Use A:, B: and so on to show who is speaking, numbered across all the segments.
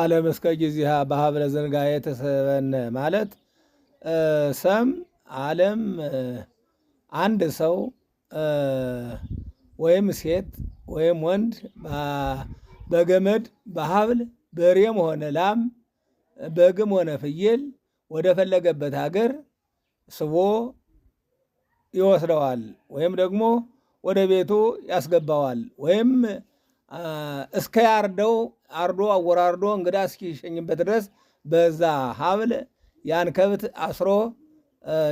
A: ዓለም እስከ ጊዜሃ በሀብለ ዘንጋዬ ተሰበነ ማለት ሰም ዓለም አንድ ሰው ወይም ሴት ወይም ወንድ በገመድ በሀብል በሬም ሆነ ላም በግም ሆነ ፍየል ወደፈለገበት ሀገር ስቦ ይወስደዋል ወይም ደግሞ ወደ ቤቱ ያስገባዋል ወይም እስከ ያርደው አርዶ አወራርዶ እንግዳ እስኪሸኝበት ድረስ በዛ ሀብል ያን ከብት አስሮ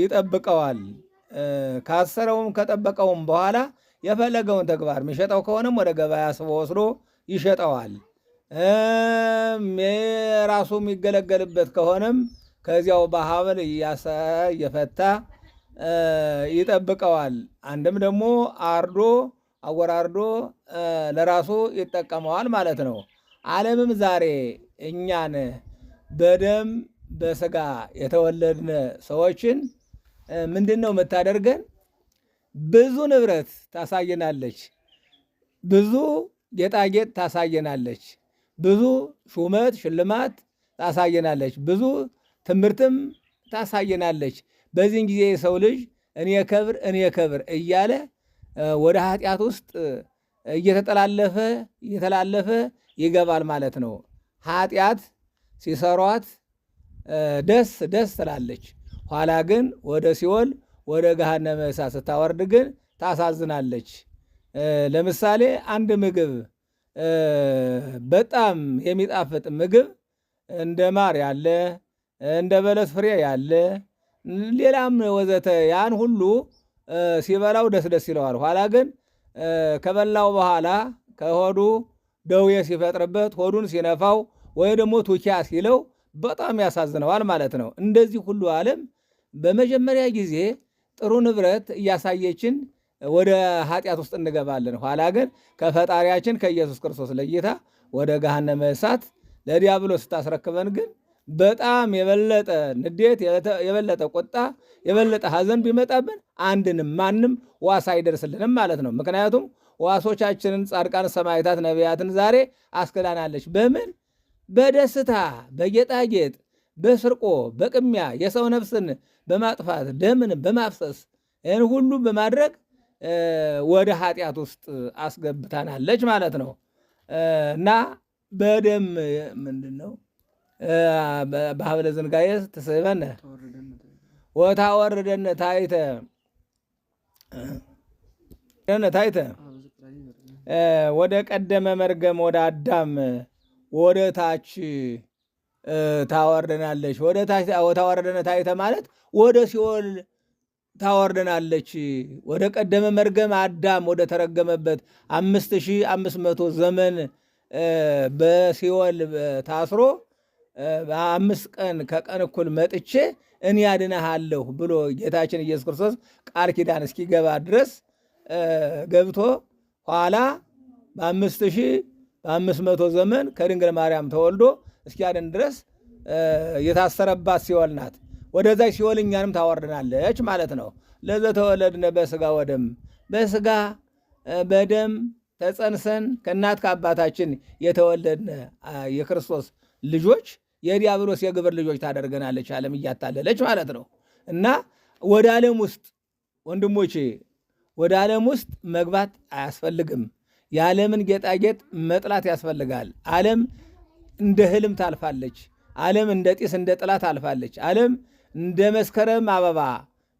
A: ይጠብቀዋል። ካሰረውም ከጠበቀውም በኋላ የፈለገውን ተግባር የሚሸጠው ከሆነም ወደ ገበያ ስቦ ወስዶ ይሸጠዋል። ራሱ የሚገለገልበት ከሆነም ከዚያው በሀብል እያሰረ እየፈታ ይጠብቀዋል። አንድም ደግሞ አርዶ አወራርዶ ለራሱ ይጠቀመዋል ማለት ነው። ዓለምም ዛሬ እኛን በደም በስጋ የተወለድን ሰዎችን ምንድን ነው የምታደርገን? ብዙ ንብረት ታሳየናለች፣ ብዙ ጌጣጌጥ ታሳየናለች፣ ብዙ ሹመት ሽልማት ታሳየናለች፣ ብዙ ትምህርትም ታሳየናለች። በዚህን ጊዜ የሰው ልጅ እኔ ክብር እኔ ክብር እያለ ወደ ኃጢአት ውስጥ እየተጠላለፈ እየተላለፈ ይገባል ማለት ነው። ኃጢአት ሲሰሯት ደስ ደስ ትላለች፣ ኋላ ግን ወደ ሲኦል ወደ ገሃነመ እሳት ስታወርድ ግን ታሳዝናለች። ለምሳሌ አንድ ምግብ በጣም የሚጣፍጥ ምግብ እንደ ማር ያለ እንደ በለስ ፍሬ ያለ ሌላም ወዘተ ያን ሁሉ ሲበላው ደስ ደስ ይለዋል። ኋላ ግን ከበላው በኋላ ከሆዱ ደውየ ሲፈጥርበት ሆዱን ሲነፋው ወይ ደግሞ ቱኪያ ሲለው በጣም ያሳዝነዋል ማለት ነው። እንደዚህ ሁሉ ዓለም በመጀመሪያ ጊዜ ጥሩ ንብረት እያሳየችን ወደ ኃጢአት ውስጥ እንገባለን። ኋላ ግን ከፈጣሪያችን ከኢየሱስ ክርስቶስ ለይታ ወደ ገሃነመ እሳት ለዲያብሎስ ስታስረክበን ግን በጣም የበለጠ ንዴት፣ የበለጠ ቁጣ፣ የበለጠ ሐዘን ቢመጣብን አንድንም ማንም ዋስ አይደርስልንም ማለት ነው። ምክንያቱም ዋሶቻችንን ጻድቃን፣ ሰማዕታት፣ ነቢያትን ዛሬ አስክዳናለች። በምን በደስታ በጌጣጌጥ በስርቆ በቅሚያ የሰው ነፍስን በማጥፋት ደምን በማፍሰስ ይህን ሁሉ በማድረግ ወደ ኃጢአት ውስጥ አስገብታናለች ማለት ነው እና በደም ምንድን ነው በሀብለ ዘንጋዬ ተሰበነ ወታወርደነ ታይተ ታይተ ወደ ቀደመ መርገም ወደ አዳም ወደ ታች ታወርደናለች። ወደ ታች ወታወርደነ ታይተ ማለት ወደ ሲኦል ታወርደናለች። ወደ ቀደመ መርገም አዳም ወደ ተረገመበት አምስት ሺህ አምስት መቶ ዘመን በሲኦል ታስሮ በአምስት ቀን ከቀን እኩል መጥቼ እኔ ያድነሃለሁ ብሎ ጌታችን ኢየሱስ ክርስቶስ ቃል ኪዳን እስኪገባ ድረስ ገብቶ ኋላ በአምስት ሺህ በአምስት መቶ ዘመን ከድንግል ማርያም ተወልዶ እስኪያድን ድረስ የታሰረባት ሲኦል ናት። ወደዛች ሲኦል እኛንም ታወርድናለች ማለት ነው። ተወለድነ በስጋ ወደም በስጋ በደም ተጸንሰን ከእናት ከአባታችን የተወለድነ የክርስቶስ ልጆች የዲያብሎስ የግብር ልጆች ታደርገናለች ዓለም እያታለለች ማለት ነው። እና ወደ ዓለም ውስጥ ወንድሞቼ ወደ ዓለም ውስጥ መግባት አያስፈልግም። የዓለምን ጌጣጌጥ መጥላት ያስፈልጋል። ዓለም እንደ ህልም ታልፋለች። ዓለም እንደ ጢስ እንደ ጥላ ታልፋለች። ዓለም እንደ መስከረም አበባ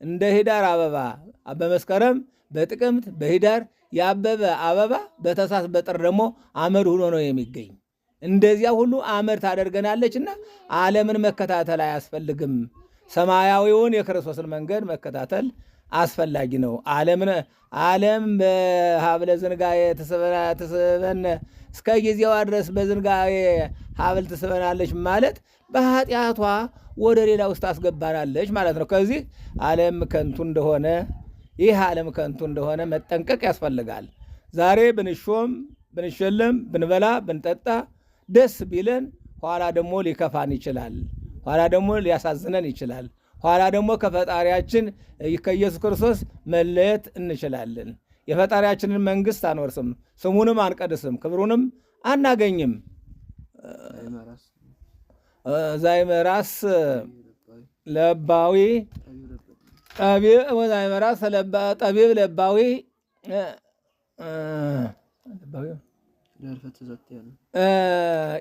A: እንደ ሂዳር አበባ በመስከረም በጥቅምት በሂዳር ያበበ አበባ በተሳስ በጥር ደግሞ አመድ ሆኖ ነው የሚገኝ። እንደዚያ ሁሉ አመድ ታደርገናለችና ዓለምን መከታተል አያስፈልግም። ሰማያዊውን የክርስቶስን መንገድ መከታተል አስፈላጊ ነው። ዓለም በሀብለ ዝንጋ ትስበን እስከ ጊዜዋ ድረስ በዝንጋዬ ሀብል ትስበናለች ማለት በኃጢአቷ ወደ ሌላ ውስጥ አስገባናለች ማለት ነው። ከዚህ ዓለም ከንቱ እንደሆነ ይህ ዓለም ከንቱ እንደሆነ መጠንቀቅ ያስፈልጋል። ዛሬ ብንሾም ብንሸለም፣ ብንበላ፣ ብንጠጣ ደስ ቢለን ኋላ ደግሞ ሊከፋን ይችላል። ኋላ ደግሞ ሊያሳዝነን ይችላል። ኋላ ደግሞ ከፈጣሪያችን ከኢየሱስ ክርስቶስ መለየት እንችላለን። የፈጣሪያችንን መንግስት አንወርስም፣ ስሙንም አንቀድስም፣ ክብሩንም አናገኝም። ዛይመራስ ለባዊ ዛይመራስ ጠቢብ ለባዊ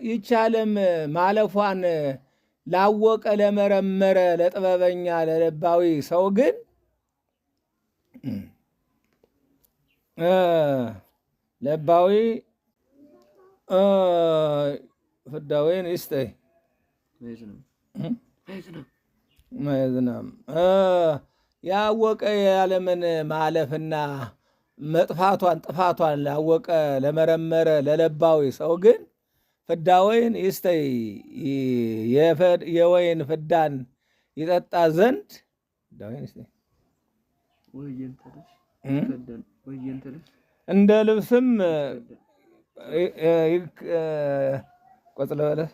A: ይቺ ዓለም ማለፏን ላወቀ ለመረመረ ለጥበበኛ ለለባዊ ሰው ግን ለባዊ ፍዳዌን ይስጠይ መዝናም ያወቀ የዓለምን ማለፍና መጥፋቷን ጥፋቷን ላወቀ ለመረመረ ለለባዊ ሰው ግን ፍዳ ወይን ይስተይ የወይን ፍዳን ይጠጣ ዘንድ እንደ ልብስም ቆጽለ በለስ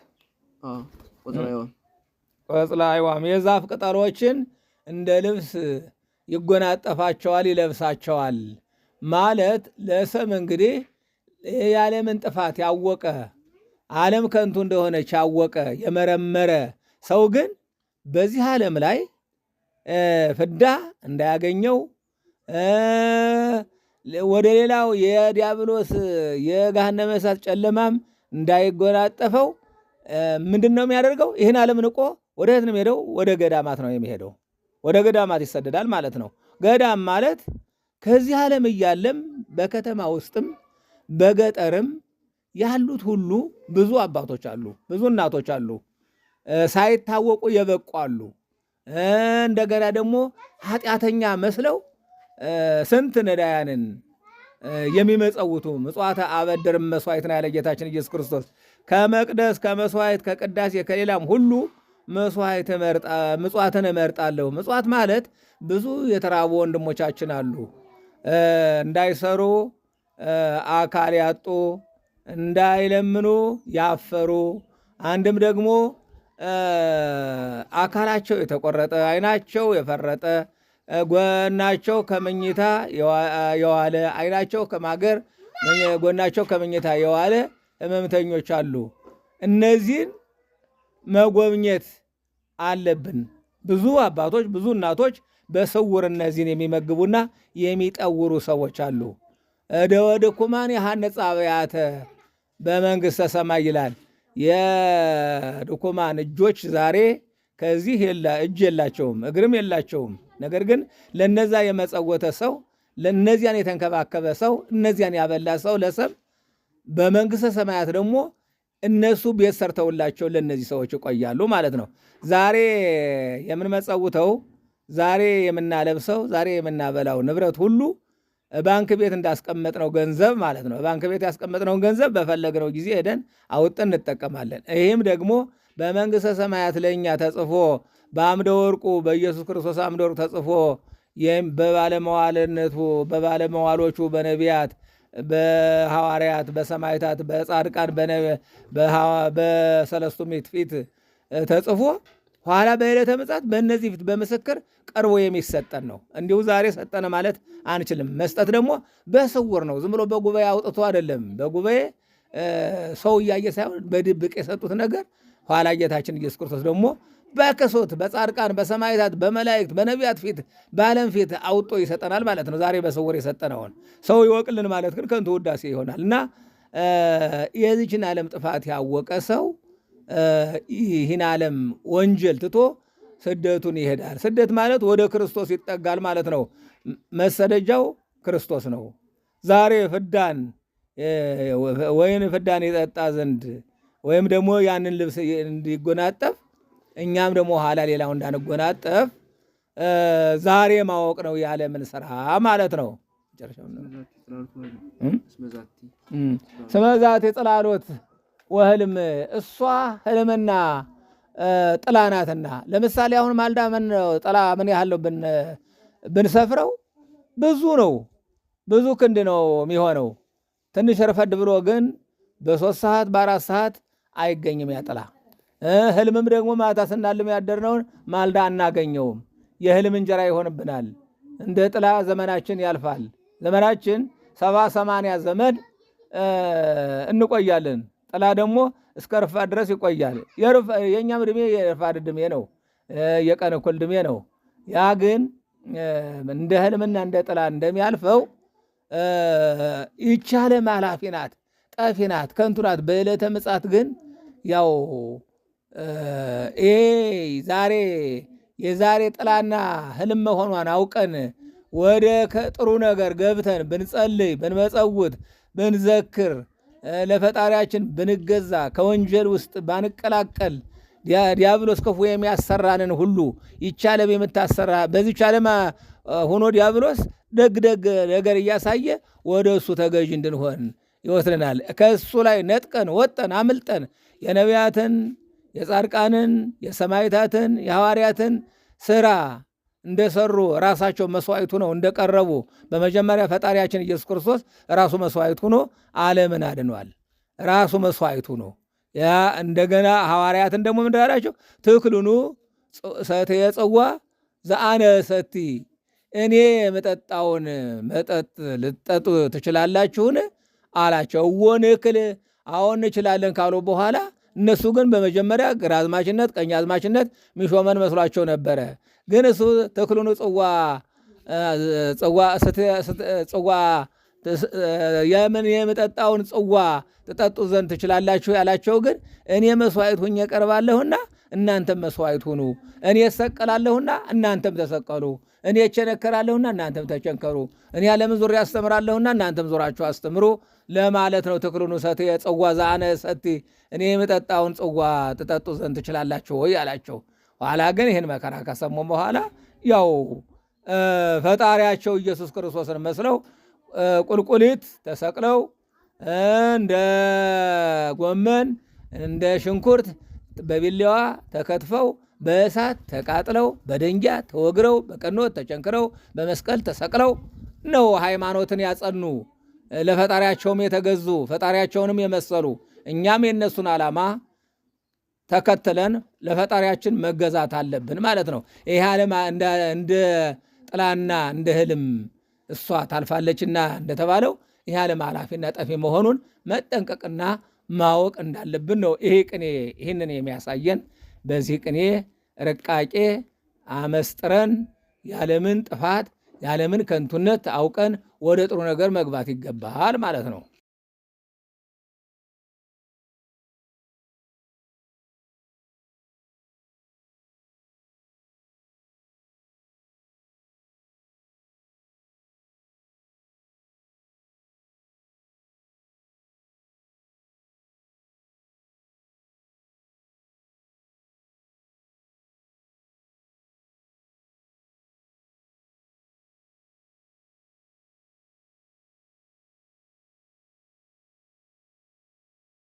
A: ቆጽለ አይዋም የዛፍ ቅጠሎችን እንደ ልብስ ይጎናጠፋቸዋል፣ ይለብሳቸዋል። ማለት ለሰም እንግዲህ የዓለምን ጥፋት ያወቀ ዓለም ከንቱ እንደሆነች ያወቀ የመረመረ ሰው ግን በዚህ ዓለም ላይ ፍዳ እንዳያገኘው ወደ ሌላው የዲያብሎስ የገሃነመ እሳት ጨለማም እንዳይጎናጠፈው ምንድን ነው የሚያደርገው? ይህን ዓለም ንቆ ወደ የት ነው የሚሄደው? ወደ ገዳማት ነው የሚሄደው። ወደ ገዳማት ይሰደዳል ማለት ነው። ገዳም ማለት ከዚህ ዓለም እያለም በከተማ ውስጥም በገጠርም ያሉት ሁሉ ብዙ አባቶች አሉ፣ ብዙ እናቶች አሉ፣ ሳይታወቁ የበቁ አሉ። እንደገና ደግሞ ኃጢአተኛ መስለው ስንት ነዳያንን የሚመጸውቱ ምጽዋተ አበድርም መስዋዕትን ያለ ጌታችን ኢየሱስ ክርስቶስ ከመቅደስ ከመስዋዕት ከቅዳሴ ከሌላም ሁሉ መስዋዕት ምጽዋትን እመርጣለሁ። ምጽዋት ማለት ብዙ የተራቡ ወንድሞቻችን አሉ። እንዳይሰሩ አካል ያጡ፣ እንዳይለምኑ ያፈሩ፣ አንድም ደግሞ አካላቸው የተቆረጠ፣ አይናቸው የፈረጠ፣ ጎናቸው ከመኝታ የዋለ፣ አይናቸው ከማገር ጎናቸው ከመኝታ የዋለ ህመምተኞች አሉ። እነዚህን መጎብኘት አለብን። ብዙ አባቶች ብዙ እናቶች በስውር እነዚህን የሚመግቡና የሚጠውሩ ሰዎች አሉ። እደወ ድኩማን የሐነጻ አብያተ በመንግሥተ ሰማይ ይላል። የድኩማን እጆች ዛሬ ከዚህ እጅ የላቸውም፣ እግርም የላቸውም። ነገር ግን ለነዛ የመጸወተ ሰው፣ ለእነዚያን የተንከባከበ ሰው፣ እነዚያን ያበላ ሰው ለሰብ በመንግሥተ ሰማያት ደግሞ እነሱ ቤት ሰርተውላቸው ለእነዚህ ሰዎች ይቆያሉ ማለት ነው። ዛሬ የምንመጸውተው ዛሬ የምናለብሰው ዛሬ የምናበላው ንብረት ሁሉ ባንክ ቤት እንዳስቀመጥነው ገንዘብ ማለት ነው። ባንክ ቤት ያስቀመጥነውን ገንዘብ በፈለግነው ጊዜ ሄደን አውጥተን እንጠቀማለን። ይህም ደግሞ በመንግሥተ ሰማያት ለእኛ ተጽፎ በአምደ ወርቁ በኢየሱስ ክርስቶስ አምደ ወርቁ ተጽፎ በባለመዋልነቱ በባለመዋሎቹ በነቢያት በሐዋርያት በሰማይታት በጻድቃን በሰለስቱ ምዕት ፊት ተጽፎ ኋላ በዕለተ ምጽአት በእነዚህ ፊት በምስክር ቀርቦ የሚሰጠን ነው። እንዲሁ ዛሬ ሰጠነ ማለት አንችልም። መስጠት ደግሞ በስውር ነው። ዝም ብሎ በጉባኤ አውጥቶ አይደለም። በጉባኤ ሰው እያየ ሳይሆን በድብቅ የሰጡት ነገር ኋላ ጌታችን ኢየሱስ ክርስቶስ ደግሞ በክሶት በጻድቃን በሰማይታት በመላእክት በነቢያት ፊት በዓለም ፊት አውጦ ይሰጠናል ማለት ነው። ዛሬ በስውር የሰጠነውን ሰው ይወቅልን ማለት ግን ከንቱ ውዳሴ ይሆናል እና የዚችን ዓለም ጥፋት ያወቀ ሰው ይህን ዓለም ወንጀል ትቶ ስደቱን ይሄዳል። ስደት ማለት ወደ ክርስቶስ ይጠጋል ማለት ነው። መሰደጃው ክርስቶስ ነው። ዛሬ ፍዳን ወይን ፍዳን የጠጣ ዘንድ ወይም ደግሞ ያንን ልብስ እንዲጎናጠፍ እኛም ደግሞ ኋላ ሌላው እንዳንጎናጠፍ ዛሬ ማወቅ ነው የዓለምን ስራ ማለት ነው። ስመዛት ጽላሎት ወህልም እሷ ህልምና ጥላ ናትና፣ ለምሳሌ አሁን ማልዳ ጥላ ምን ያህል ነው ብንሰፍረው ብዙ ነው፣ ብዙ ክንድ ነው የሚሆነው። ትንሽ ረፈድ ብሎ ግን በሶስት ሰዓት በአራት ሰዓት አይገኝም ያጥላ። ህልምም ደግሞ ማታ ስናልም ያደርነውን ማልዳ አናገኘውም። የህልም እንጀራ ይሆንብናል። እንደ ጥላ ዘመናችን ያልፋል። ዘመናችን ሰባ ሰማንያ ዘመን እንቆያለን። ጥላ ደግሞ እስከ ርፋ ድረስ ይቆያል። የእኛም ድሜ የርፋ ድሜ ነው፣ የቀን እኩል ድሜ ነው። ያ ግን እንደ ህልምና እንደ ጥላ እንደሚያልፈው ይቻለ ማላፊ ናት፣ ጠፊ ናት፣ ከንቱ ናት። በዕለተ ምጽአት ግን ያው ዛሬ የዛሬ ጥላና ህልም መሆኗን አውቀን ወደ ከጥሩ ነገር ገብተን ብንጸልይ፣ ብንመጸውት፣ ብንዘክር ለፈጣሪያችን ብንገዛ ከወንጀል ውስጥ ባንቀላቀል ዲያብሎስ ክፉ የሚያሰራንን ሁሉ ይቻለም የምታሰራ በዚህ ቻለም ሆኖ ዲያብሎስ ደግ ደግ ነገር እያሳየ ወደ እሱ ተገዥ እንድንሆን ይወስድናል ከእሱ ላይ ነጥቀን ወጠን አምልጠን የነቢያትን፣ የጻድቃንን፣ የሰማይታትን፣ የሐዋርያትን ስራ እንደሰሩ ራሳቸው መስዋዕቱ ነው እንደቀረቡ በመጀመሪያ ፈጣሪያችን ኢየሱስ ክርስቶስ ራሱ መስዋዕት ሆኖ ዓለምን አድኗል። ራሱ መስዋዕቱ ሆኖ ያ እንደገና ሐዋርያትን ደግሞ ምንድን አላቸው? ትክልኑ ሰትየ ጽዋ ዘአነ ሰቲ፣ እኔ የምጠጣውን መጠጥ ልጠጡ ትችላላችሁን? አላቸው። እወንክል፣ አሁን እንችላለን ካሉ በኋላ እነሱ ግን በመጀመሪያ ግራ አዝማችነት ቀኝ አዝማችነት ሚሾመን መስሏቸው ነበረ። ግን እሱ ተክሉኑ ጽዋ ጽዋ የምን የምጠጣውን ጽዋ ትጠጡ ዘንድ ትችላላችሁ ያላቸው ግን እኔ መስዋዕት ሁኜ ቀርባለሁና እናንተም መስዋዕት ሁኑ። እኔ እሰቀላለሁና እናንተም ተሰቀሉ። እኔ እቸነከራለሁና እናንተም ተቸንከሩ። እኔ ዓለምን ዙሪያ አስተምራለሁና እናንተም ዙራችሁ አስተምሩ ለማለት ነው። ትክሉን ውሰት የጽዋ ዘአነ ሰቲ፣ እኔ የምጠጣውን ጽዋ ትጠጡ ዘንድ ትችላላችሁ ወይ አላቸው። ኋላ ግን ይህን መከራ ከሰሙ በኋላ ያው ፈጣሪያቸው ኢየሱስ ክርስቶስን መስለው ቁልቁሊት ተሰቅለው እንደ ጎመን እንደ ሽንኩርት በቢላዋ ተከትፈው በእሳት ተቃጥለው በደንጃ ተወግረው በቀኖት ተጨንክረው በመስቀል ተሰቅለው ነው ሃይማኖትን ያጸኑ ለፈጣሪያቸውም የተገዙ ፈጣሪያቸውንም የመሰሉ። እኛም የእነሱን ዓላማ ተከትለን ለፈጣሪያችን መገዛት አለብን ማለት ነው። ይህ ዓለም እንደ ጥላና እንደ ህልም እሷ ታልፋለችና እንደተባለው ይህ ዓለም ኃላፊና ጠፊ መሆኑን መጠንቀቅና ማወቅ እንዳለብን ነው። ይሄ ቅኔ ይህንን የሚያሳየን በዚህ ቅኔ ርቃቄ አመስጥረን ያለምን ጥፋት ያለምን ከንቱነት አውቀን ወደ ጥሩ ነገር መግባት ይገባል ማለት ነው።